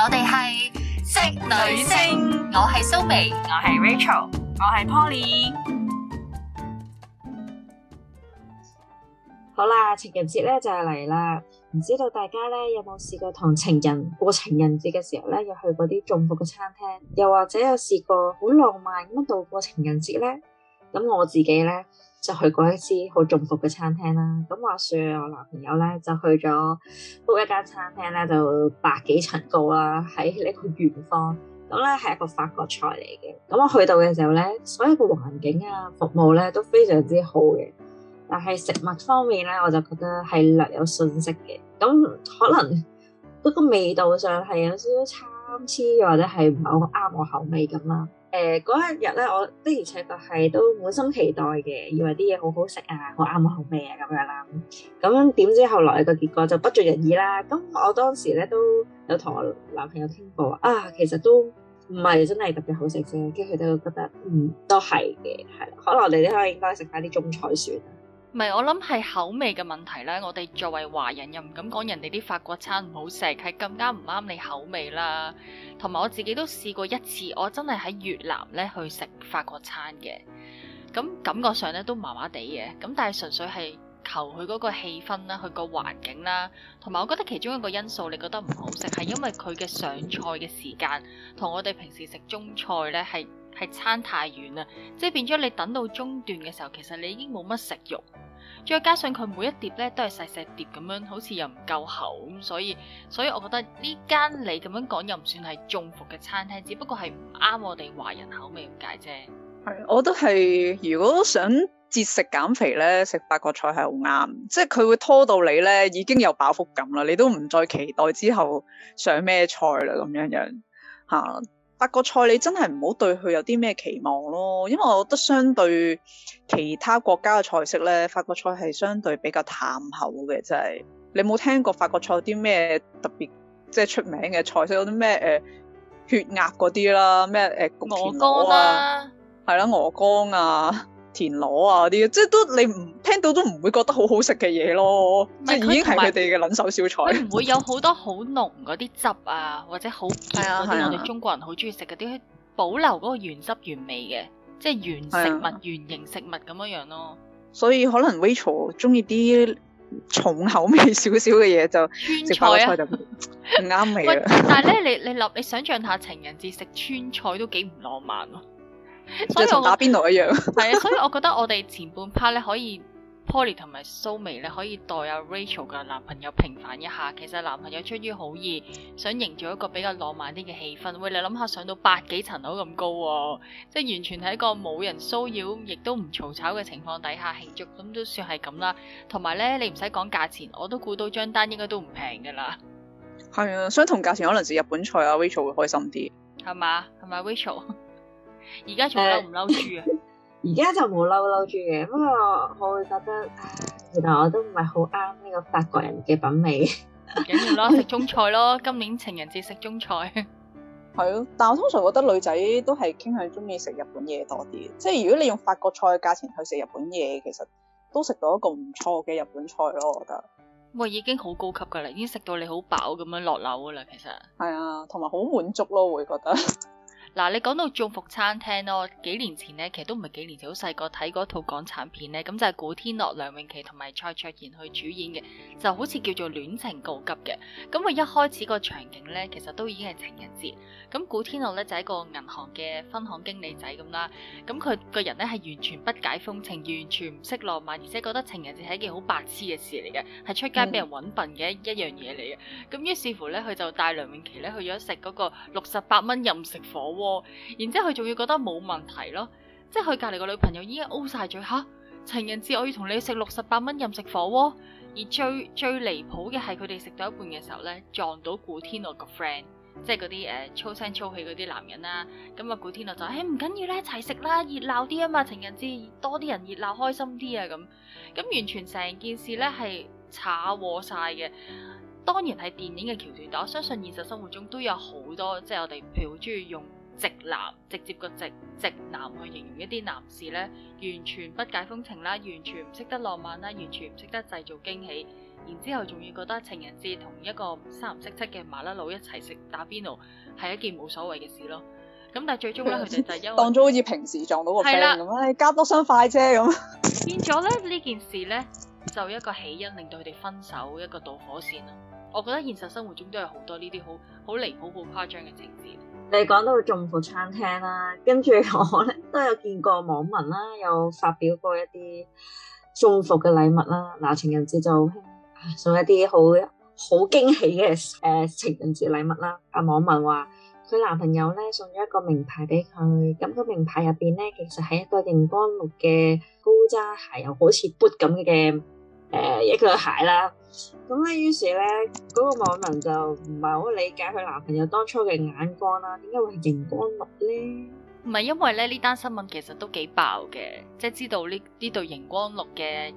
我哋係職女聲，女性，我係蘇眉，我係 Rachel，我係 Poly。好啦，情人節咧就嚟啦，唔知道大家咧有冇試過同情人過情人節嘅時候咧，又去嗰啲中伏嘅餐廳，又或者有試過好浪漫咁樣度過情人節咧？咁我自己咧。就去過一間好中伏嘅餐廳啦，咁話説我男朋友咧就去咗 book 一間餐廳咧，就百幾層高啦，喺呢個圓方。咁咧係一個法國菜嚟嘅，咁我去到嘅時候咧，所有嘅環境啊、服務咧都非常之好嘅，但係食物方面咧，我就覺得係略有遜色嘅，咁可能嗰個味道上係有少少參差，或者係唔係好啱我口味咁啦。誒嗰、呃、一日咧，我的而且確係都滿心期待嘅，以為啲嘢好好食啊，好啱我口味啊咁樣啦。咁、嗯、點知後來個結果就不盡人意啦。咁、嗯、我當時咧都有同我男朋友傾過，啊，其實都唔係真係特別好食啫。跟住佢都覺得，嗯，都係嘅，係啦。可能我哋呢刻應該食返啲中菜算。唔係，我諗係口味嘅問題咧，我哋作為華人又唔敢講人哋啲法國餐唔好食，係更加唔啱你口味啦。同埋我自己都試過一次，我真係喺越南咧去食法國餐嘅，咁感覺上咧都麻麻地嘅。咁但係純粹係求佢嗰個氣氛啦，佢個環境啦，同埋我覺得其中一個因素，你覺得唔好食係因為佢嘅上菜嘅時間同我哋平時食中菜咧係係差太遠啦，即係變咗你等到中段嘅時候，其實你已經冇乜食欲。再加上佢每一碟咧都係細細碟咁樣，好似又唔夠厚，所以所以我覺得呢間你咁樣講又唔算係中伏嘅餐廳，只不過係唔啱我哋華人口味咁解啫。係，我都係如果想節食減肥咧，食法國菜係好啱，即係佢會拖到你咧已經有飽腹感啦，你都唔再期待之後上咩菜啦，咁樣樣吓。啊法國菜你真係唔好對佢有啲咩期望咯，因為我覺得相對其他國家嘅菜式咧，法國菜係相對比較淡口嘅，就係你冇聽過法國菜有啲咩特別即係出名嘅菜式？有啲咩誒血鴨嗰啲啦，咩誒鵝肝啊，係啦、啊啊，鵝肝啊。田螺啊啲，即係都你唔聽到都唔會覺得好好食嘅嘢咯，不即係已經係佢哋嘅撚手小菜和。唔 會有好多好濃嗰啲汁啊，或者好嗰啲我哋中國人好中意食嗰啲保留嗰個原汁原味嘅，即係原食物、哎、呀原形食物咁樣樣咯。所以可能 Rachel 中意啲重口味少少嘅嘢就川菜，啊、菜就唔啱味。但係咧， 你你諗你想象下情人節食川菜都幾唔浪漫咯。即同打邊爐一樣，係啊，所以我覺得我哋前半 part 咧可以 Poly 同埋蘇眉咧可以代阿 Rachel 嘅男朋友平反一下。其實男朋友出於好意，想營造一個比較浪漫啲嘅氣氛。喂、哎，你諗下上到百幾層樓咁高啊，即、就、係、是、完全喺一個冇人騷擾，亦都唔嘈吵嘅情況底下慶祝，咁都算係咁啦。同埋咧，你唔使講價錢，我都估到張單應該都唔平噶啦。係啊，相同價錢，可能係日本菜啊，Rachel 會開心啲，係嘛？係咪 Rachel？而家仲嬲唔嬲住啊？而家 就冇嬲嬲住嘅，不過我會覺得，其實我都唔係好啱呢個法國人嘅品味。唔緊要咯，食中菜咯， 今年情人節食中菜。係咯， 但係我通常覺得女仔都係傾向中意食日本嘢多啲，即係如果你用法國菜嘅價錢去食日本嘢，其實都食到一個唔錯嘅日本菜咯，我覺得。喂，已經好高級噶啦，已經食到你好飽咁樣落樓噶啦，其實。係啊， 同埋好滿足咯，會覺得。嗱，你講到中伏餐廳咯，幾年前咧，其實都唔係幾年前，好細個睇嗰套港產片咧，咁就係古天樂、梁詠琪同埋蔡卓妍去主演嘅，就好似叫做《戀情告急》嘅。咁佢一開始個場景咧，其實都已經係情人節。咁古天樂咧就係、是、一個銀行嘅分行經理仔咁啦。咁佢個人咧係完全不解風情，完全唔識浪漫，而且覺得情人節係一件好白痴嘅事嚟嘅，係出街俾人搵笨嘅一一樣嘢嚟嘅。咁於是乎咧，佢就帶梁詠琪咧去咗食嗰個六十八蚊任食火鍋。然之後佢仲要覺得冇問題咯，即係佢隔籬個女朋友已經 O 晒嘴吓。情人節我要同你食六十八蚊任食火鍋，啊，而最最離譜嘅係佢哋食到一半嘅時候呢，撞到古天樂個 friend，即係嗰啲誒粗聲粗氣嗰啲男人啦，啊。咁啊，古天樂就誒唔緊要啦，啊，一齊食啦，熱鬧啲啊嘛，情人節多啲人熱鬧開心啲啊咁，咁完全成件事呢係炒和晒嘅。當然係電影嘅橋段，但我相信現實生活中都有好多，即係我哋譬如好中意用。直男，直接個直直男去形容一啲男士呢，完全不解風情啦，完全唔識得浪漫啦，完全唔識得製造驚喜，然之後仲要覺得情人節同一個三唔識七嘅麻甩佬一齊食打邊爐係一件冇所謂嘅事咯。咁但係最終呢，佢哋 就一當咗好似平時撞到個 friend 咁加多雙快車咁。變咗咧呢件事呢，就一個起因令到佢哋分手一個導火綫咯。我覺得現實生活中都有好多呢啲好好離譜、好誇張嘅情節。你講到中伏餐廳啦，跟住我咧都有見過網民啦，有發表過一啲中伏嘅禮物啦。嗱，情人節就送一啲好好驚喜嘅，誒、呃，情人節禮物啦。阿網民話佢男朋友咧送咗一個名牌俾佢，咁，那個名牌入邊咧其實係一個熒光綠嘅高踭鞋，又好似 boot 咁嘅。誒、呃、一個鞋啦，咁咧於是咧嗰、那個網民就唔係好理解佢男朋友當初嘅眼光啦、啊，點解會係熒光綠咧？唔係因為咧呢單新聞其實都幾爆嘅，即、就、係、是、知道呢呢對熒光綠嘅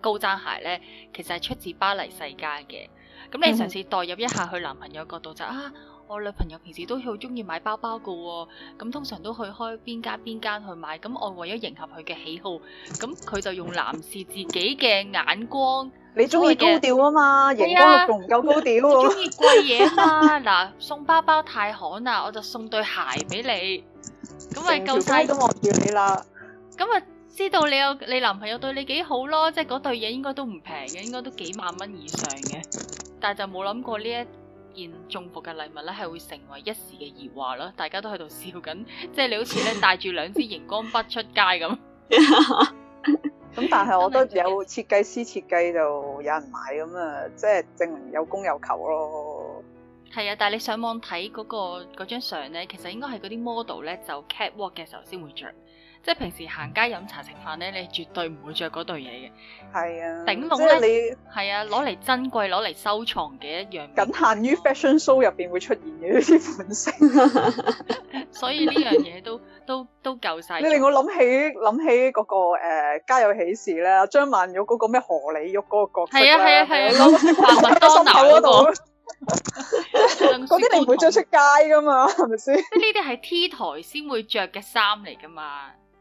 高踭鞋咧，其實係出自巴黎世家嘅。咁你嘗試代入一下佢男朋友角度就 啊～我女朋友平時都好中意買包包噶，哦，咁通常都去開邊間邊間去買，咁我為咗迎合佢嘅喜好，咁佢就用男士自己嘅眼光，你中意高調啊嘛、眼、啊、光又高調，中意貴嘢嘛，嗱、 啊、送包包太寒啦，我就送對鞋俾你，咁咪夠晒都望住你啦，咁啊知道你有你男朋友對你幾好咯，即係嗰對嘢應該都唔平嘅，應該都幾萬蚊以上嘅，但係就冇諗過呢一。現中伏嘅禮物咧，係會成為一時嘅熱話啦，大家都喺度笑緊，即係你好似咧帶住兩支熒光筆出街咁。咁但係我都有設計師設計，就有人買咁啊，即係證明有供有求咯。係啊，但係你上網睇嗰、嗰個嗰張相咧，其實應該係嗰啲 model 咧就 catwalk 嘅時候先會着。即係平時行街飲茶食飯咧，你絕對唔會着嗰對嘢嘅。係啊，頂窿咧，你係啊，攞嚟珍貴、攞嚟收藏嘅一樣。僅限於 fashion show 入邊會出現嘅呢啲款式。所以呢樣嘢都都都夠晒。你令我諗起諗起嗰個誒家有喜事咧，張曼玉嗰個咩何里玉嗰個角色。係啊係啊係啊，麥當娜嗰度。嗰啲你唔會着出街噶嘛，係咪先？即係呢啲係 T 台先會着嘅衫嚟噶嘛。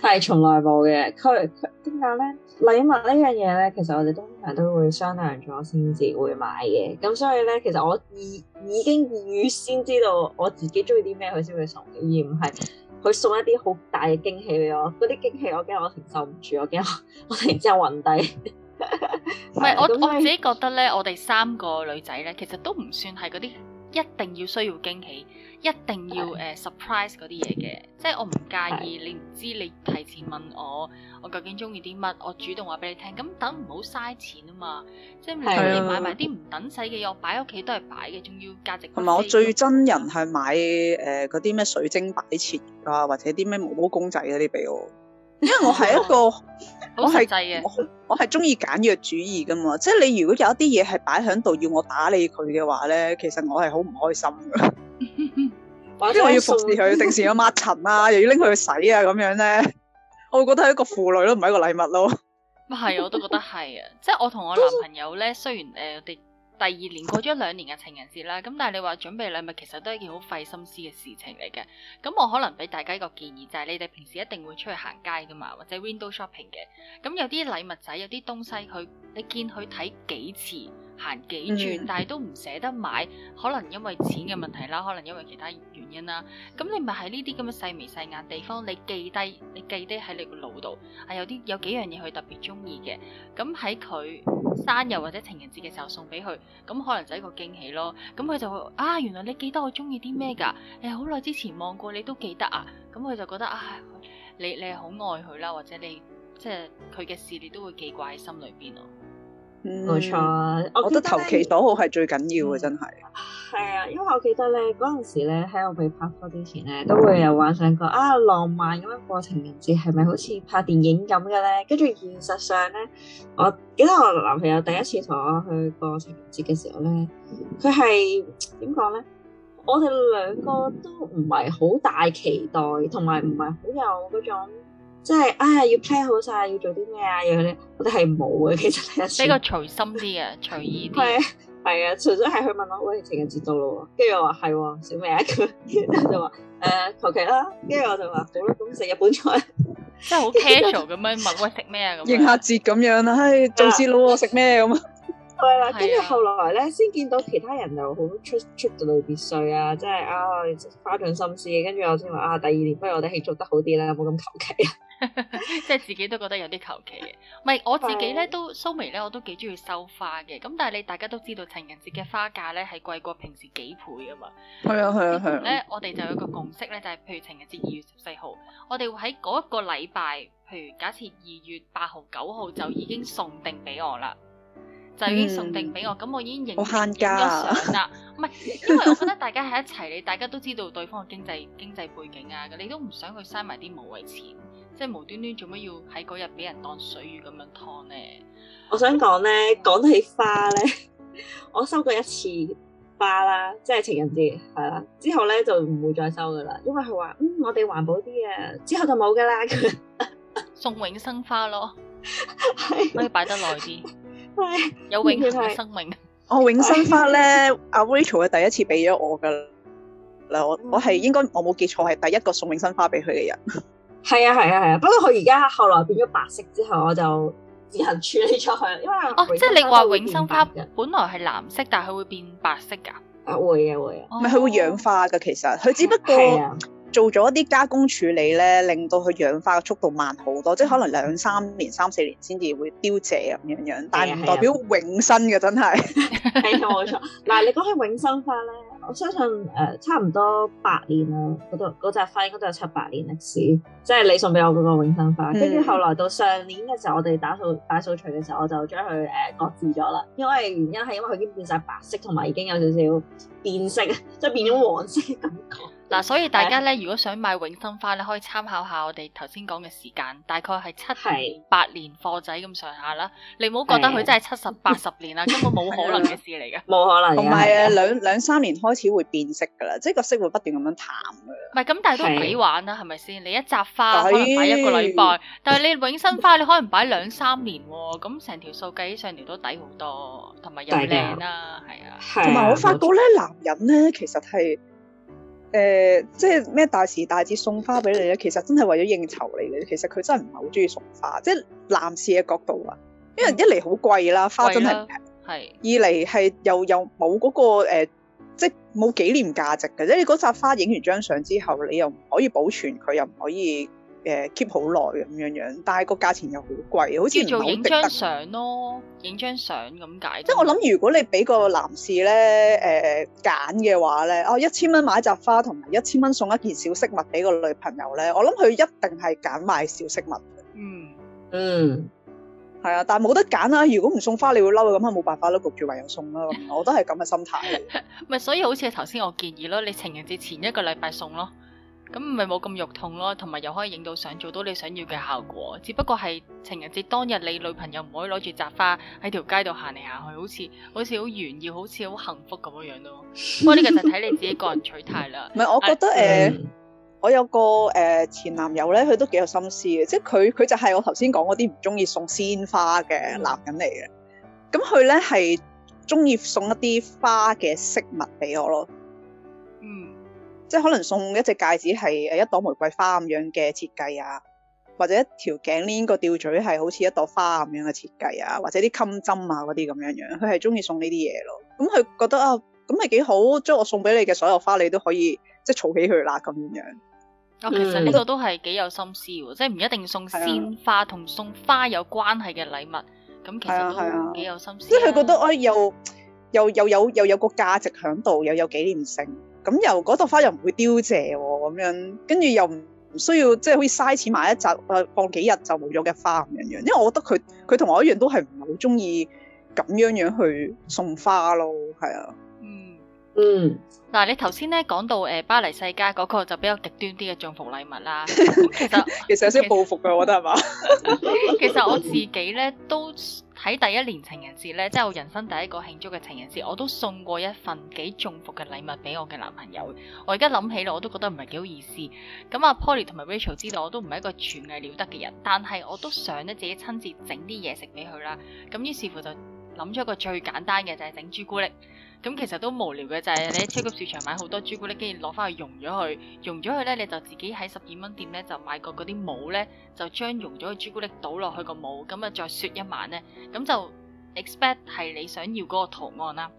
係從來冇嘅。佢點解咧？禮物呢樣嘢咧，其實我哋通常都會商量咗先至會買嘅，咁所以咧，其實我已已經預先知道我自己中意啲咩，佢先會送，而唔係佢送一啲好大嘅驚喜俾我。嗰啲驚喜我驚我承受唔住，我驚我突然之間暈低。唔係我 我自己覺得咧，我哋三個女仔咧，其實都唔算係嗰啲。一定要需要驚喜，一定要誒、uh, surprise 嗰啲嘢嘅，即係我唔介意的你唔知你提前問我，我究竟中意啲乜，我主動話俾你聽。咁等唔好嘥錢啊嘛，即係你買埋啲唔等使嘅嘢，擺喺屋企都係擺嘅，仲要價值。同埋我最憎人係買誒嗰啲咩水晶擺設啊，或者啲咩毛毛公仔嗰啲俾我。 因為我係一個， 我係中意簡約主義噶嘛，即係你如果有一啲嘢係擺喺度要我打理佢嘅話咧，其實我係好唔開心噶， 因為我要服侍佢，定時要抹塵啊，又要拎佢去洗啊咁樣咧，我會覺得係一個負累都唔係一個禮物咯。咪係，我都覺得係啊，即係我同我男朋友咧，雖然誒有啲，呃第二年過咗兩年嘅情人節啦，咁但係你話準備禮物其實都係件好費心思嘅事情嚟嘅。咁我可能俾大家一個建議，就係、是、你哋平時一定會出去行街㗎嘛，或者 window shopping 嘅。咁有啲禮物仔，有啲東西佢你見佢睇幾次，行幾轉，但係都唔捨得買，可能因為錢嘅問題啦，可能因為其他原因啦。咁你咪喺呢啲咁嘅細眉細眼地方，你記低，你記低喺你個腦度，係、啊、有啲有幾樣嘢佢特別中意嘅。咁喺佢生日或者情人節嘅時候送俾佢，咁可能就一個驚喜咯。咁佢就會啊，原來你記得我中意啲咩㗎？誒，好耐之前望過你都記得啊。咁佢就覺得啊，你你係好愛佢啦，或者你即係佢嘅事，你都會記掛喺心裏邊咯。冇錯，嗯、我覺得投其所好係最緊要嘅，真係。係、嗯、啊，因為我記得咧嗰陣時咧喺我未拍拖之前咧，嗯、都會有幻想過啊浪漫咁樣過情人節係咪好似拍電影咁嘅咧？跟住現實上咧，我記得我男朋友第一次同我去過情人節嘅時候咧，佢係點講咧？我哋兩個都唔係好大期待，同埋唔係好有嗰種。即係啊，要 plan 好晒，要做啲咩啊？有啲我哋係冇嘅，其實係比較隨心啲嘅，隨意啲。係啊，係啊，純粹係佢問我，喂，情人節到咯，跟住我話係，食咩啊？咁跟住就話，誒，求其啦，跟住我就話，好啦，咁食日本菜，真係好 casual 咁樣問，喂，食咩啊？應下節咁樣啦，哎做事佬我食咩咁？係啦，跟住後來咧先見到其他人又好出出到嚟別墅啊，即係啊，花盡心思。跟住我先話啊，第二年不如我哋係做得好啲啦，冇咁求其。 即係自己都覺得有啲求其嘅，唔係我自己咧是都收眉咧，我都幾中意收花嘅。咁但係你大家都知道情人節嘅花價咧係貴過平時幾倍噶嘛？係啊係啊係啊！咧、啊、我哋就有個共識咧，就係、是、譬如情人節二月十四號，我哋會喺嗰一個禮拜，譬如假設二月八號九號就已經送定俾我啦，就已經送定俾我，咁、嗯、我已經贏慳價啦。唔係，因為我覺得大家喺一齊， 你大家都知道對方嘅經濟經濟背景啊，你都唔想去嘥埋啲無謂錢。即係無端端做乜要喺嗰日俾人當水魚咁樣劏咧？我想講咧，講起花咧，我收過一次花啦，即係情人節係啦，之後咧就唔會再收噶啦，因為佢話嗯我哋環保啲啊，之後就冇噶啦。佢送永生花咯， 可以擺得耐啲， 是有永恆嘅生命。我永生花咧，阿 Rachel 係第一次俾咗我噶嗱我、嗯、我係應該我冇記錯係第一個送永生花俾佢嘅人。係啊，係啊，係啊，不過佢而家後來變咗白色之後，我就自行處理咗佢，因為哦，即係你話永生花本來係藍色，但係佢會變白色噶？啊，會啊。會，咪佢、oh. 會氧化噶，其實佢只不過做咗一啲加工處理咧，令到佢氧化嘅速度慢好多，啊、即係可能兩三年、三四年先至會凋謝咁樣樣，但係唔代表永生嘅真係。冇，冇錯，嗱、啊、 你講起永生花咧。我相信誒、呃、差唔多八年啦，嗰朵花應該都有七八年歷史，即係你送俾我嗰個永生花。跟住、嗯、後來到上年嘅時候，我哋打掃大掃除嘅時候，我就將佢誒擱置咗啦。因為原因係因為佢已經變晒白色，同埋已經有少少變色，即係變咗黃色嘅感覺。嗱、啊，所以大家咧，如果想買永生花咧，可以參考下我哋頭先講嘅時間，大概係七十年、是八年貨仔咁上下啦。你唔好覺得佢真係七十八十年啦，根本冇可能嘅事嚟嘅。冇可能。同埋誒，兩兩三年開始會變色噶啦，即係個色會不斷咁樣淡噶啦。唔係，咁但係都幾玩啊？係咪先？你一扎花可能擺一個禮拜，的但係你永生花你可能擺兩三年喎。咁成條數計起上嚟都抵好多，同埋又靚啦，係啊。同埋我發覺咧，男人咧其實係。誒、呃，即係咩大時大節送花俾你咧？其實真係為咗應酬嚟嘅。其實佢真係唔係好中意送花，即係男士嘅角度啊。因為一嚟好貴啦，嗯、花真係唔係二嚟係又又冇嗰、嗰個、呃、即係冇紀念價值嘅。即係你嗰扎花影完張相之後，你又唔可以保存，佢又唔可以。誒 keep 好耐咁樣樣，但係個價錢又好貴，好似唔好值得影張相咯，影張相咁解。即係我諗，如果你俾個男士咧，誒，揀嘅話咧，哦，一千蚊買一扎花，同埋一千蚊送一件小飾物俾個女朋友咧，我諗佢一定係揀買小飾物，嗯。嗯嗯，係啊，但係冇得揀啦、啊。如果唔送花，你會嬲嘅，咁啊冇辦法啦，焗住唯有送啦、啊。 我都係咁嘅心態。咪 所以好似頭先我建議咯，你情人節前一個禮拜送咯。咁唔係冇咁肉痛咯，同埋又可以影到相，做到你想要嘅效果。只不過係情人節當日，你女朋友唔可以攞住扎花喺條街度行嚟行去，好似好似好炫耀，好似好幸福咁樣樣咯。不過呢個就睇你自己個人取態啦。唔係 ，我覺得誒、啊呃，我有個誒、呃、前男友咧，佢都幾有心思嘅，即係佢佢就係我頭先講嗰啲唔中意送鮮花嘅男人嚟嘅。咁佢咧係中意送一啲花嘅飾物俾我咯。嗯。即係可能送一隻戒指係誒一朵玫瑰花咁樣嘅設計啊，或者一條頸鏈個吊墜係好似一朵花咁樣嘅設計啊，或者啲襟針啊嗰啲咁樣樣，佢係中意送呢啲嘢咯。咁佢覺得啊，咁咪幾好，將我送俾你嘅所有花，你都可以即係儲起佢啦咁樣。啊，嗯、其實呢個都係幾有心思，嗯、也即係唔一定送鮮花同送花有關係嘅禮物。咁、啊、其實啊，幾有心思、啊啊啊，即係佢覺得誒又又又有又有，有，有，有，有個價值喺度，又有紀念性。咁又嗰朵花又唔會凋謝喎，咁樣跟住又唔需要即係好似嘥錢買一紮誒放幾日就冇咗嘅花咁樣樣，因為我覺得佢佢同我一樣都係唔係好中意咁樣樣去送花咯，係、嗯、啊，嗯嗯，嗱你頭先咧講到誒巴黎世家嗰個就比較極端啲嘅帳篷禮物啦，其實其實有啲報復嘅，我覺得係嘛，其實我自己咧都。喺第一年情人節呢，即係我人生第一個慶祝嘅情人節，我都送過一份幾中伏嘅禮物俾我嘅男朋友。我而家諗起嚟，我都覺得唔係幾好意思。咁阿 Polly 同埋 Rachel 知道我都唔係一個廚藝了得嘅人，但係我都想咧自己親自整啲嘢食俾佢啦。咁於是乎就諗咗一個最簡單嘅，就係整朱古力。咁其實都無聊嘅就係、是、你喺超級市場買好多朱古力，跟住攞翻去溶咗佢，溶咗佢咧你就自己喺十二蚊店咧就買個嗰啲帽咧，就將溶咗嘅朱古力倒落去個帽，咁啊再雪一晚咧，咁就 expect 係你想要嗰個圖案啦。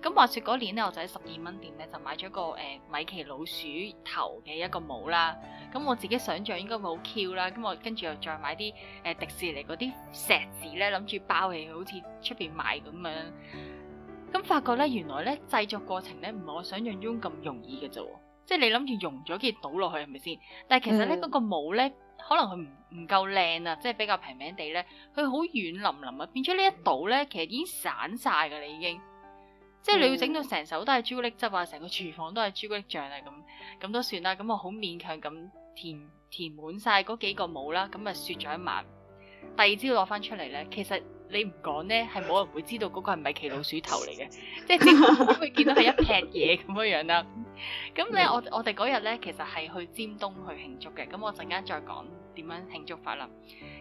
咁話說嗰年咧，我就喺十二蚊店咧就買咗個誒、呃、米奇老鼠頭嘅一個帽啦。咁我自己想像應該會好 cute 啦。咁我跟住又再買啲誒、呃、迪士尼嗰啲石子咧，諗住包起佢好似出邊買咁樣。咁發覺咧，原來咧製作過程咧唔係我想象中咁容易嘅啫，即係你諗住溶咗件倒落去係咪先？但係其實咧嗰、嗯、個模咧，可能佢唔唔夠靚啊，即係比較平平地咧，佢好軟腍腍啊，變咗呢一倒咧，其實已經散晒㗎啦已經，即係你要整到成手都係朱古力汁啊，成個廚房都係朱古力醬啊咁，咁都算啦，咁我好勉強咁填填滿晒嗰幾個模啦，咁啊雪咗一晚，第二朝攞翻出嚟咧，其實。你唔講呢，係冇人會知道嗰個係米奇老鼠頭嚟嘅，即係只 會，會見到係一劈嘢咁樣樣啦。咁咧， 我我哋嗰日呢，其實係去尖東去慶祝嘅。咁我陣間再講點樣慶祝法啦。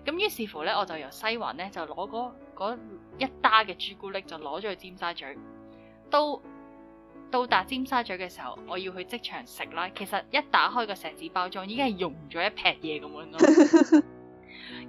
咁於是乎呢，我就由西環呢，就攞嗰一打嘅朱古力就攞咗去尖沙咀。到到達尖沙咀嘅時候，我要去職場食啦。其實一打開個錫紙包裝，已經係溶咗一劈嘢咁樣咯。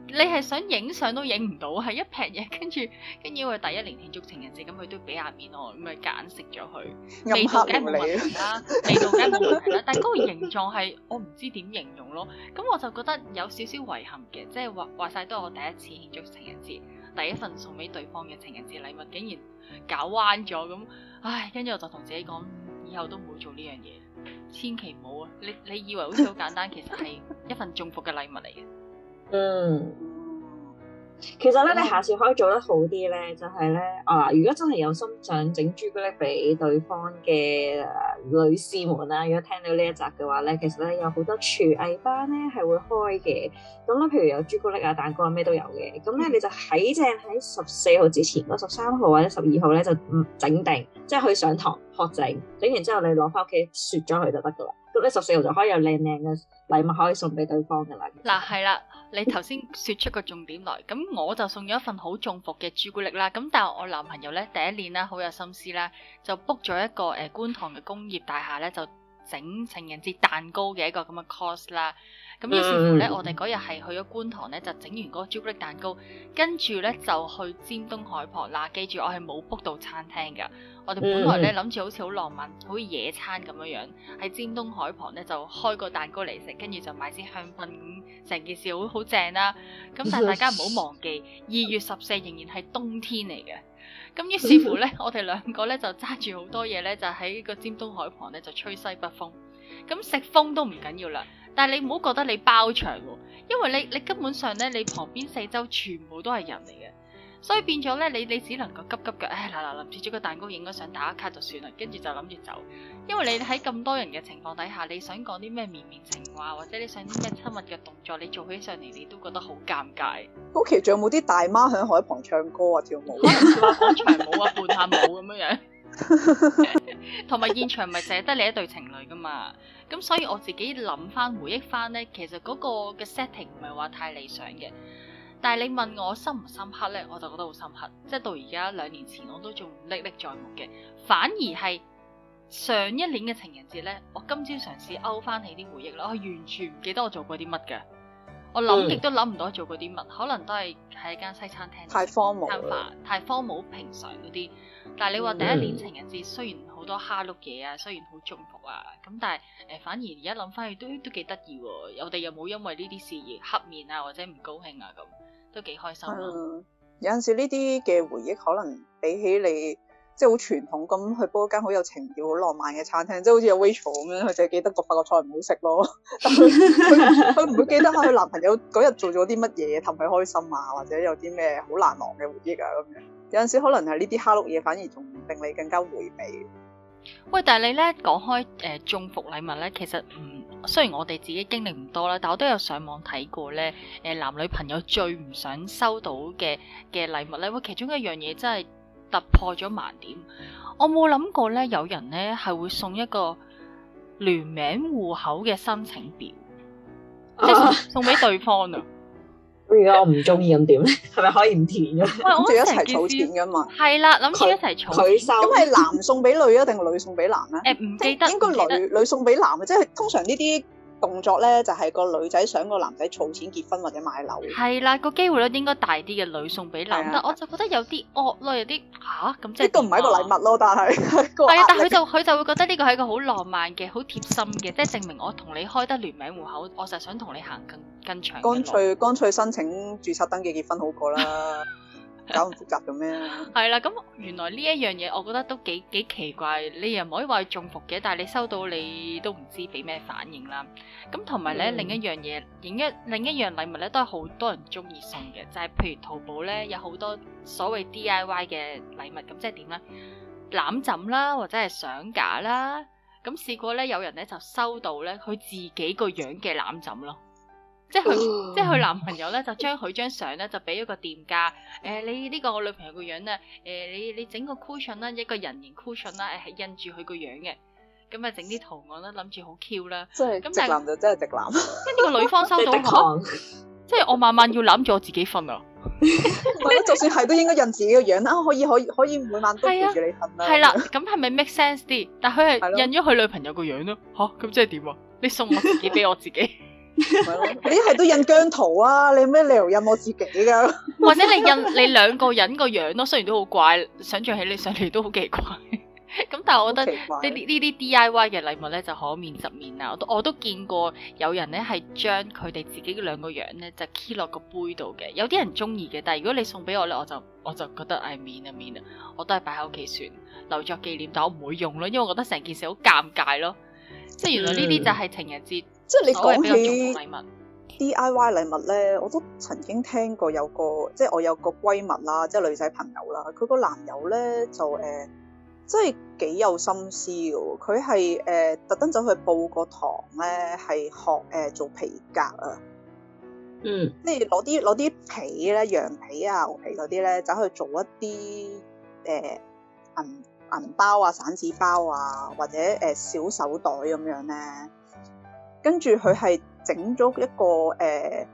你係想影相都影唔到，係一撇嘢，跟住跟住我第一年慶祝情人節，咁佢都俾下面我，咁咪揀食咗佢，味道梗冇問題啦，味道梗冇問題啦， 但係嗰個形狀係我唔知點形容咯，咁我就覺得有少少遺憾嘅，即係話話晒都係我第一次慶祝情人節，第一份送俾對方嘅情人節禮物，竟然搞彎咗，咁唉，跟住我就同自己講，以後都唔會做呢樣嘢，千祈唔好啊！你你,你以為好似好簡單，其實係一份中伏嘅禮物嚟嘅。嗯，其實咧，嗯、你下次可以做得好啲咧，就係、是、咧，啊，如果真係有心想整朱古力俾對方嘅、呃、女士們啦、啊，如果聽到呢一集嘅話咧，其實咧有好多廚藝班咧係會開嘅，咁咧，譬如有朱古力啊、蛋糕啊，咩都有嘅，咁咧，你就喺正喺十四號之前，十三號或者十二號咧就整定，即係去上堂學整，整完之後你攞翻屋企雪咗佢就得㗎喇。十四號就可以有靚靚嘅禮物可以送俾對方嘅啦、啊。嗱，係啦，你頭先説出個重點來，咁我就送咗一份好重複嘅朱古力啦。咁但係我男朋友咧第一年啦，好有心思啦，就 book 咗一個誒、呃、觀塘嘅工業大廈咧，就整情人節蛋糕嘅一個咁嘅 course 啦。咁於是乎咧，我哋嗰日係去咗觀塘咧，就整完嗰個朱古力蛋糕，跟住咧就去尖東海旁。嗱，記住我係冇 book 到餐廳嘅。我哋本來咧諗住好似好浪漫，好似野餐咁樣樣，喺尖東海旁咧就開個蛋糕嚟食，跟住就買支香檳，成件事好好正啦。咁但係大家唔好忘記，二月十四仍然係冬天嚟嘅。咁於是乎咧，我哋兩個咧就揸住好多嘢咧，就喺個尖東海旁咧就吹西北風。咁食風都唔緊要啦。但係你唔好覺得你包場喎，因為你你根本上咧，你旁邊四周全部都係人嚟嘅，所以變咗咧，你你只能夠急急腳，哎呀啦，臨切咗個蛋糕應該想打一卡就算啦，跟住就諗住走，因為你喺咁多人嘅情況底下，你想講啲咩綿綿情話，或者你想啲咩親密嘅動作，你做起上嚟你都覺得好尷尬。好奇仲有冇啲大媽喺海旁唱歌啊跳舞可能場啊，廣場舞啊半下舞咁樣嘅？ 同埋現場咪就係得你一對情侶噶嘛，咁所以我自己諗翻回，回憶翻呢，其實嗰個嘅 setting 唔係話太理想嘅，但係你問我深唔深刻呢，我就覺得好深刻，即係到而家兩年前我都仲歷歷在目嘅，反而係上一年嘅情人節呢，我今朝嘗試勾翻起啲回憶啦，我完全唔記得我做過啲乜嘅。我諗亦都諗唔到做過啲乜，可能都係喺一間西餐廳，餐飯太荒冇平常嗰啲。但係你話第一年情人節，嗯、雖然好多蝦碌嘢啊，雖然好中伏啊，咁但係誒、呃、反而而家諗翻去，都都幾得意喎。有我哋又冇因為呢啲事而黑面啊，或者唔高興啊，咁都幾開心咯、嗯。有陣時呢啲嘅回憶，可能比起你。即係好傳統咁去煲一間好有情調、好浪漫嘅餐廳，即係好似有 waiter 咁樣，佢淨係記得焗法國菜唔好食咯。佢唔會記得下佢男朋友嗰日做咗啲乜嘢，氹佢開心啊，或者有啲咩好難忘嘅回憶啊咁樣。有陣時可能係呢啲蝦碌嘢，反而仲令你更加回味。喂，但係你咧講開誒、呃，中伏禮物咧，其實唔雖然我哋自己經歷唔多啦，但我都有上網睇過咧。誒、呃，男女朋友最唔想收到嘅嘅禮物咧，喂，其中一樣嘢真係。突破咗盲點，我冇諗過咧，有人咧係會送一個聯名戶口嘅申請表，即係送俾對方啊！如果我唔中意咁點咧？係咪可以唔填？即係一齊儲錢噶嘛？係啦，諗住一齊儲收。咁係男送俾女啊，定係女送俾男咧？誒，唔記得，應該女女送俾男嘅，即係通常呢啲。動作呢就係、是、個女仔想個男仔儲錢結婚或者買樓。係啦，個機會率應該大啲嘅女送俾男。得的我就覺得有啲惡咯，有啲嚇咁，即都呢個唔係個禮物咯，但係係啊，但係佢就佢就會覺得呢個係一個好浪漫嘅、好貼心嘅，即、就、係、是、證明我同你開得聯名戶口，我就想同你行更更長。乾脆乾脆申請註冊登記結婚好過啦。 搞咁複雜嘅咩？係啦，咁原來呢一樣嘢，我覺得都幾幾奇怪。你又唔可以話佢中伏嘅，但係你收到你都唔知俾咩反應啦。咁同埋咧，另一樣嘢，影一另一樣禮物咧，都係好多人中意送嘅，就係譬如淘寶咧有好多所謂 DIY 嘅禮物，咁即係點咧？攬枕啦，或者係相架啦，咁試過咧有人咧就收到咧佢自己個樣嘅攬枕咯。即係，即係佢男朋友咧，就將佢張相咧，就俾咗個店家。誒，你呢個我女朋友個樣咧，誒，你你整個 cushion 啦，一個人形 cushion 啦，誒，印住佢個樣嘅，咁啊，整啲圖案啦，諗住好 q 啦。即係直男就真係直男。跟住呢個女方收到我，即係我慢慢要攬住我自己瞓啊。我覺得就算係都應該印自己個樣啦，可以可以可以每晚都攬住你瞓啦。係啦，咁係咪 make sense 啲？但佢係印咗佢女朋友個樣咯，吓，咁即係點啊？你送我自己俾我自己。你係都印姜圖啊！你咩理由印我自己噶？ 或者你印你兩個人個樣咯，雖然都好怪，想象起你上嚟都好奇怪。咁 但係我覺得呢啲 D I Y 嘅禮物咧就可免則免啦。我都我都見過有人咧係將佢哋自己兩個樣咧就 key 落個杯度嘅，有啲人中意嘅。但係如果你送俾我咧，我就我就覺得係免啊免啊，我都係擺喺屋企算，留作紀念，但我唔會用咯，因為我覺得成件事好尷尬咯。即係原來呢啲就係情人節。即係你講起 DIY 禮物咧，我都曾經聽過有個，即係我有個閨蜜啦，即係女仔朋友啦，佢個男友咧就誒，即係幾有心思嘅。佢係誒特登走去報個堂咧，係學誒、呃、做皮革啊。嗯。即係攞啲攞啲皮咧，羊皮啊、牛皮嗰啲咧，走去做一啲誒銀銀包啊、散紙包啊，或者誒、呃、小手袋咁樣咧。跟住佢係整咗一個誒愛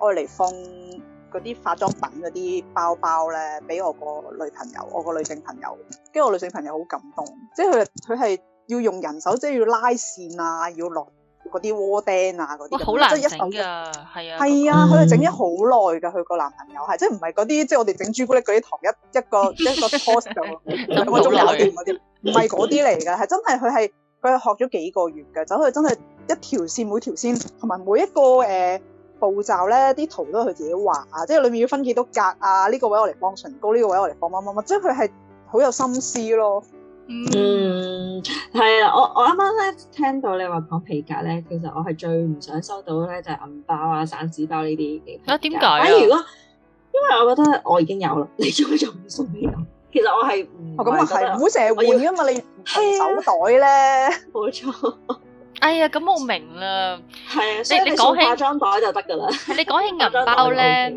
嚟放嗰啲化妝品嗰啲包包咧，俾我個女朋友，我個女性朋友，跟住我女性朋友好感動，即係佢佢係要用人手，即係要拉線啊，要落嗰啲窩釘啊嗰啲，好難整㗎，係啊，係啊，佢係整咗好耐㗎，佢個男朋友係，即係唔係嗰啲，即係我哋整朱古力嗰啲糖，一一個一個 pose 就我鐘搞掂嗰啲，唔係嗰啲嚟㗎，係真係佢係。佢係學咗幾個月噶，走佢真係一條線，每條線，同埋每一個誒、呃、步驟咧，啲圖都係佢自己畫啊，即係裏面要分幾多格啊，呢、這個位我嚟放唇膏，呢、這個位我嚟放乜乜乜，即係佢係好有心思咯。嗯，係啊、嗯，我我啱啱咧聽到你話講皮革咧，其實我係最唔想收到咧就係銀包啊、散紙包呢啲。啊？點解、哎？如果因為我覺得我已經有啦，你做就唔送俾我。其實我係唔咁啊，係唔好成日換，啊嘛，你手袋咧，冇錯。哎呀，咁我明啦，係啊，即係你講起化妝袋就得噶啦。你講起銀包咧，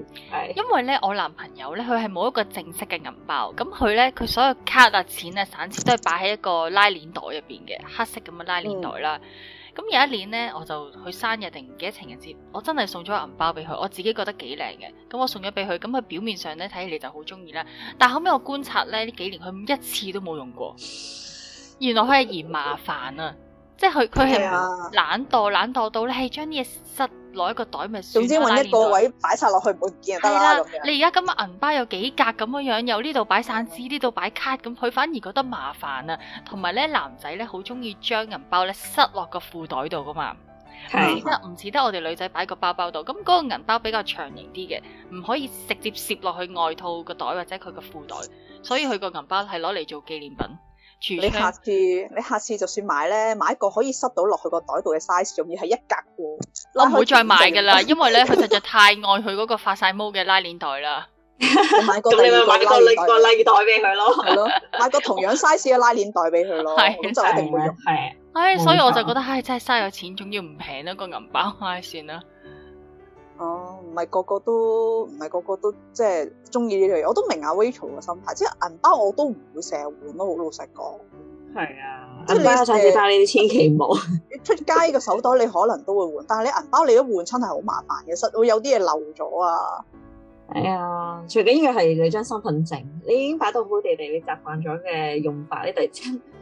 因為咧我男朋友咧，佢係冇一個正式嘅銀包，咁佢咧，佢所有卡啊、錢啊、散錢都係擺喺一個拉鏈袋入邊嘅，黑色咁嘅拉鏈袋啦。咁有一年咧，我就去生日定唔記得情人節，我真係送咗銀包俾佢，我自己覺得幾靚嘅。咁我送咗俾佢，咁佢表面上咧睇起嚟就好中意啦。但後尾我觀察咧，呢幾年佢一次都冇用過，原來佢係嫌麻煩啊！即係佢佢係懶惰，懶惰到咧係將啲嘢塞。攞一個袋咪，總之揾一個位擺晒落去，冇見人得啦，你而家咁嘅銀包有幾格咁樣樣，有呢度擺散紙，呢度擺卡，咁佢反而覺得麻煩啊。同埋咧，男仔咧好中意將銀包咧塞落個褲袋度噶嘛。唔似得，唔似得我哋女仔擺個包包度。咁嗰個銀包比較長形啲嘅，唔可以直接攝落去外套個袋或者佢個褲袋，所以佢個銀包係攞嚟做紀念品。你下次你下次就算買咧，買一個可以塞到落去個袋度嘅 size，仲要係一格嘅，我唔會再買噶啦， 因為咧佢實在太愛佢嗰個發晒毛嘅拉鏈袋啦。 你買一個第二個拉拉 個，個拉鏈袋俾佢咯，係咯 買個同樣 size 嘅拉鏈袋俾佢咯，咁 就一定會用。係，唉、 哎，所以我就覺得，唉、哎，真係嘥咗錢，仲要唔平咯個銀包，唉，算啦。哦，唔係個個都唔係個個都即係中意呢樣嘢，我都明阿 Rachel 嘅心態，即係銀包我都唔會成日換咯，好老實講。係啊，銀包趁住翻，你啲千祈冇。你出街嘅手袋你可能都會換， 但係你銀包你都換親係好麻煩嘅，實會有啲嘢漏咗啊。係啊，最緊要係你張身份證，你已經擺到好地地，你習慣咗嘅用法，你第。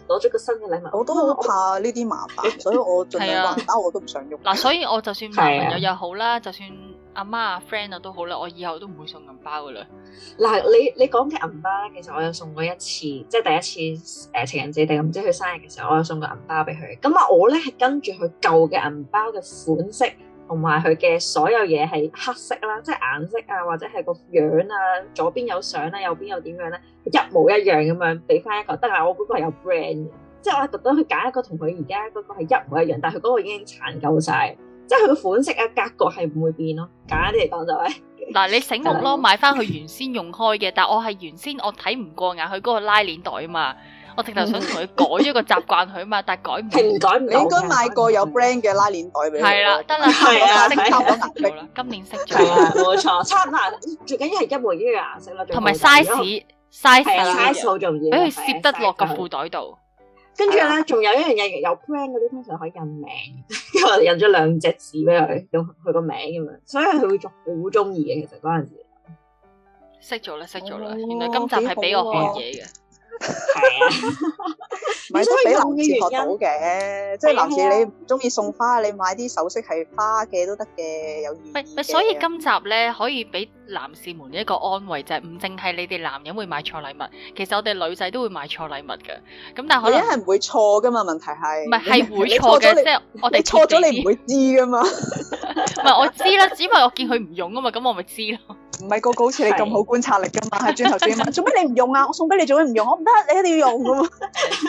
攞咗個新嘅禮物，我都好怕呢啲麻煩， 所以我盡量銀包我都唔想用。嗱、 啊，所以我就算男朋友又好啦，就算阿媽啊、friend 啊都好啦，我以後都唔會送銀包噶啦。嗱、啊，你你講嘅銀包咧，其實我有送過一次，即係第一次誒、呃、情人節定唔知佢生日嘅時候，我有送個銀包俾佢。咁啊，我咧係跟住佢舊嘅銀包嘅款式。同埋佢嘅所有嘢係黑色啦，即係顏色啊，或者係個樣啊，左邊有相咧、啊，右邊又點樣咧、啊，一模一樣咁樣俾翻一個，得啊！我嗰個係有 brand 嘅，即係我特登去揀一個同佢而家嗰個係一模一樣，但係佢嗰個已經殘舊晒。即係佢個款式啊格局係唔會變咯，簡單啲嚟講就係、是、嗱你醒目咯， 買翻佢原先用開嘅，但係我係原先我睇唔過眼佢嗰個拉鏈袋啊嘛。我直頭想同佢改咗個習慣佢啊嘛，但係改唔，停，改唔到。你應該買個有 brand 嘅拉鏈袋俾佢。係啦，得啦，今年色差唔多顏色啦。係啊，冇錯，差唔多。最緊要係一模一樣顏色啦。同埋 size，size。係啊，size 好重要。俾佢攝得落個褲袋度。跟住咧，仲有一樣嘢，有 brand 嗰啲通常可以印名，因為我印咗兩隻字俾佢，用佢個名咁樣，所以佢會仲好中意嘅。其實嗰陣時。識咗啦，識咗啦，原來今集係俾我學嘢嘅。係，咪都俾男士學到嘅？因即係男士，你唔中意送花， 你買啲首飾係花嘅都得嘅，有寓意。咪所以今集咧可以俾男士們一個安慰，就係唔淨係你哋男人會買錯禮物，其實我哋女仔都會買錯禮物噶。咁但係可能係唔會錯噶嘛？問題係唔係會錯嘅？即係我哋錯咗你唔會知噶嘛？唔 係 我知啦，只不過我見佢唔用啊嘛，咁我咪知咯。唔係個個好似你咁好觀察力噶嘛，係轉頭轉問， 做咩你唔用啊？我送俾你做咩唔用？我唔得，你一定要用噶，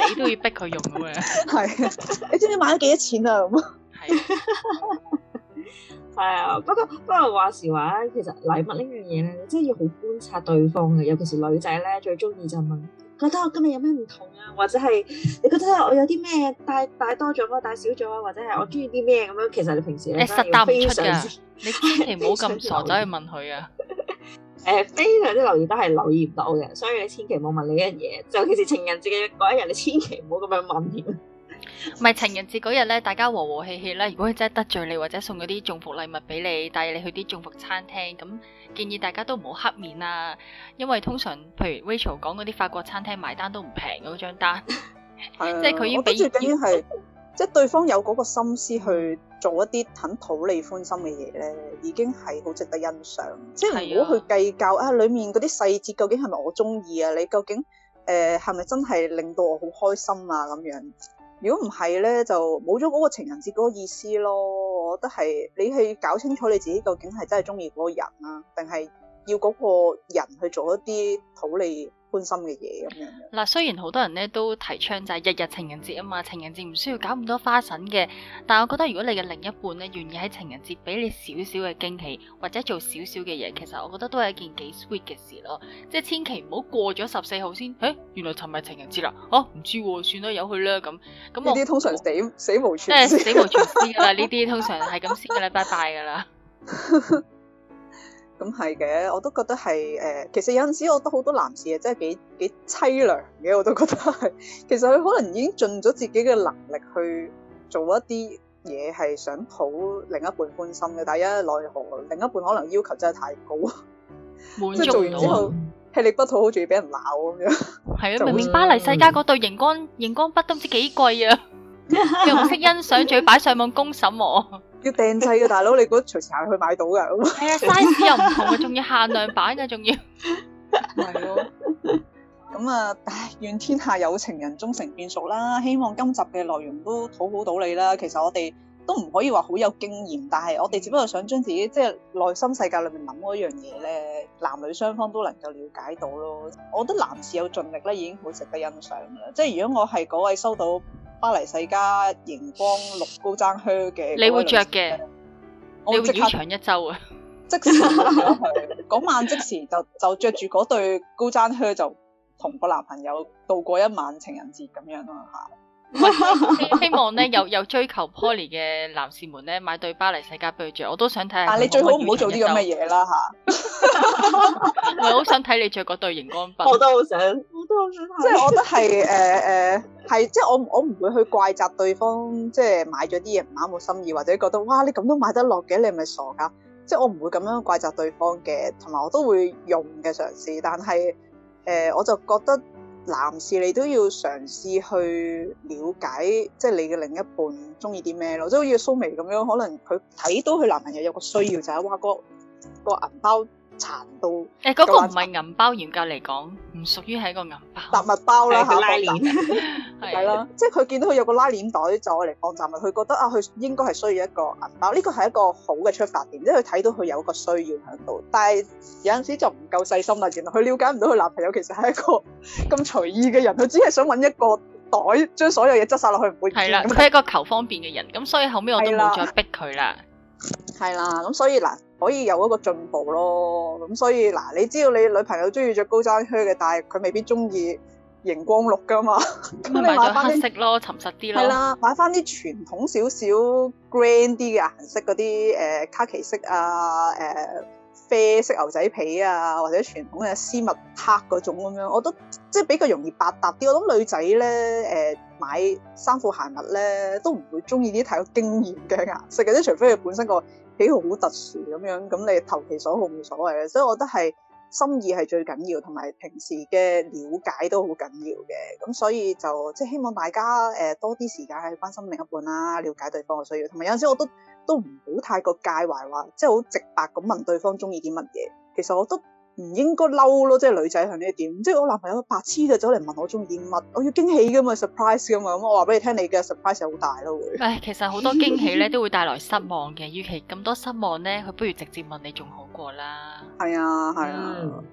你都要逼佢用嘅。係， 你知唔知買咗幾多錢啊？咁啊，係啊，不過 不過話時話，其實禮物呢樣嘢咧，真係要好觀察對方嘅，尤其是女仔咧最中意就問,問。覺得我今日有咩唔同啊，或者係你覺得我有啲咩帶帶多咗啊，帶少咗啊，或者係我中意啲咩咁樣？其實你平時咧都答唔出嘅，才 你千祈唔好咁傻走去問佢啊！誒，非常之留意都係留意唔到嘅，所以你千祈冇問你一樣嘢，尤其是情人節嘅嗰一日，你千祈唔好咁樣問。 唔係 情人節嗰日咧，大家和和氣氣啦。如果佢真係得罪你，或者送嗰啲中伏禮物俾你，帶你去啲中伏餐廳，咁建議大家都唔好黑面啊。因為通常，譬如 Rachel 講嗰啲法國餐廳埋單都唔平嘅，嗰張單即係佢要俾。最緊要係即係對方有嗰個心思去做一啲很討你歡心嘅嘢咧，已經係好值得欣賞。即係唔好去計較啊，啊，裏面嗰啲細節究竟係咪我中意啊？你究竟誒係咪真係令到我好開心啊？咁樣。如果唔係呢，就冇咗嗰個情人節嗰個意思咯。我覺得係你去搞清楚你自己究竟係真係中意嗰個人啊，定係要嗰個人去做一啲討你歡心嘅嘢咁樣。嗱，雖然好多人咧都提倡就係日日情人節啊嘛，情人節唔需要搞咁多花神嘅。但係我覺得如果你嘅另一半咧願意喺情人節俾你少少嘅驚喜，或者做少少嘅嘢，其實我覺得都係一件幾 sweet 嘅事咯。即係千祈唔好過咗十四號先，誒、欸、原來尋日情人節啦、啊，哦、啊、唔知喎、啊，算啦由佢啦咁。咁呢啲通常死死無全。即 死無全屍㗎啦！呢啲通常係咁先㗎啦，拜拜㗎啦。 咁係嘅，我都覺得係。誒，其實有陣時，我覺得好多男士誒，真係幾幾淒涼嘅。我都覺得係，其實佢可能已經盡咗自己嘅能力去做一啲嘢，係想討另一半歡心嘅。但係一奈何另一半可能要求真係太高，滿足唔到，吃力不討好仲要俾人鬧咁樣。係啊，明明巴黎世家嗰對熒光熒光筆都唔知幾貴啊！又唔識欣賞，仲要擺上網公審我。 要訂製嘅大佬，你估隨時行去買到噶？係啊，size 又唔同啊，仲要限量版噶，仲要係喎。咁啊，唉，願天下有情人終成眷屬啦。希望今集嘅內容都討好到你啦。其實我哋都唔可以話好有經驗，但係我哋只不過想將自己即係內心世界裏面諗嗰樣嘢咧，男女雙方都能夠了解到咯。我覺得男士有盡力咧，已經好值得欣賞噶啦。即係如果我係嗰位收到。巴黎世家熒光綠高踭靴嘅，你會着嘅，我即刻你會繞場一周啊 即！即時嗰晚即時就就着住嗰對高踭靴就同個男朋友度過一晚情人節咁樣咯、啊、吓。 希望咧有有追求 Poly 嘅男士們咧買對巴黎世家着，我都想睇下。但、啊、你最好唔好做啲咁嘅嘢啦吓。我好 想睇你着嗰對熒光品。我都好想，我都 即係我都係誒誒係，即係我我唔會去怪責對方，即係買咗啲嘢唔啱冇心意，或者覺得哇你咁都買得落嘅，你係咪傻噶？即係我唔會咁樣怪責對方嘅，同埋我都會用嘅嘗試，但係誒、呃、我就覺得。男士你都要嘗試去了解，即係你嘅另一半鍾意啲咩咯，即係好似蘇眉咁樣，可能佢睇到佢男朋友有個需要就係、話、哇、那個個銀包。殘到誒，嗰、欸、個唔係銀包，嚴格嚟講，唔屬於係一個銀包。雜物包啦嚇，拉鏈係咯，方即係佢見到佢有個拉鍊袋就，就我嚟放雜物。佢覺得啊，佢應該係需要一個銀包。呢個係一個好嘅出發點，即係佢睇到佢有一個需要喺度。但係有陣時就唔夠細心啦。原來佢了解唔到佢男朋友其實係一個咁隨意嘅人，佢只係想揾一個袋將所有嘢執晒落去，唔會。係啦，佢係一個求方便嘅人，咁所以後尾我都冇再逼佢啦。係啦，咁所以嗱可以有一個進步咯，咁所以嗱，你知道你女朋友中意着高踭靴嘅，但係佢未必中意熒光綠噶嘛，咁 你買翻黑色咯，沉實啲啦。係啦，買翻啲傳統少少 grand 啲嘅顏色，嗰啲誒卡其色啊，誒、呃。啡色牛仔皮啊，或者傳統嘅絲襪黑嗰種咁樣，我都即係比較容易百搭啲。我諗女仔咧，誒、呃、買衫褲鞋襪咧都唔會中意啲太過驚豔嘅顏色嘅，除非佢本身個喜好好特殊咁樣，咁你投其所好冇所謂嘅。所以我覺得係。心意係最緊要，同埋平時嘅了解都好緊要嘅。咁所以就即係希望大家誒、呃、多啲時間去關心另一半啦，了解對方嘅需要。同埋有陣時我都都唔好太過介懷，話即係好直白咁問對方鍾意啲乜嘢。其實我都。唔應該嬲咯，即係女仔向呢一點。即係我男朋友白痴就走嚟問我中意乜，我要驚喜噶嘛，surprise 噶嘛。咁我話俾你聽，你嘅 surprise 好大咯。會誒、哎，其實好多驚喜咧，都會帶來失望嘅。與其咁多失望咧，佢不如直接問你仲好過啦。係啊，係啊。嗯、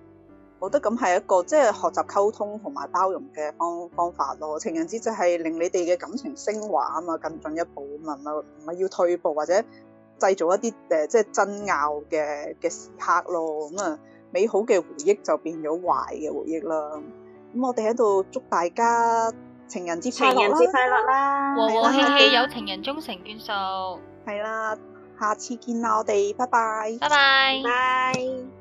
我覺得咁係一個即係學習溝通同埋包容嘅方方法咯。情人節就係令你哋嘅感情升華啊嘛，更進一步啊嘛，唔係唔係要退步或者製造一啲誒即係爭拗嘅嘅時刻咯。咁啊～美好嘅回憶就變咗壞嘅回憶啦。咁我哋喺度祝大家情人節快樂啦！和和氣氣，有情人終成眷屬，係啦。下次見啦，我哋拜拜。拜拜。拜。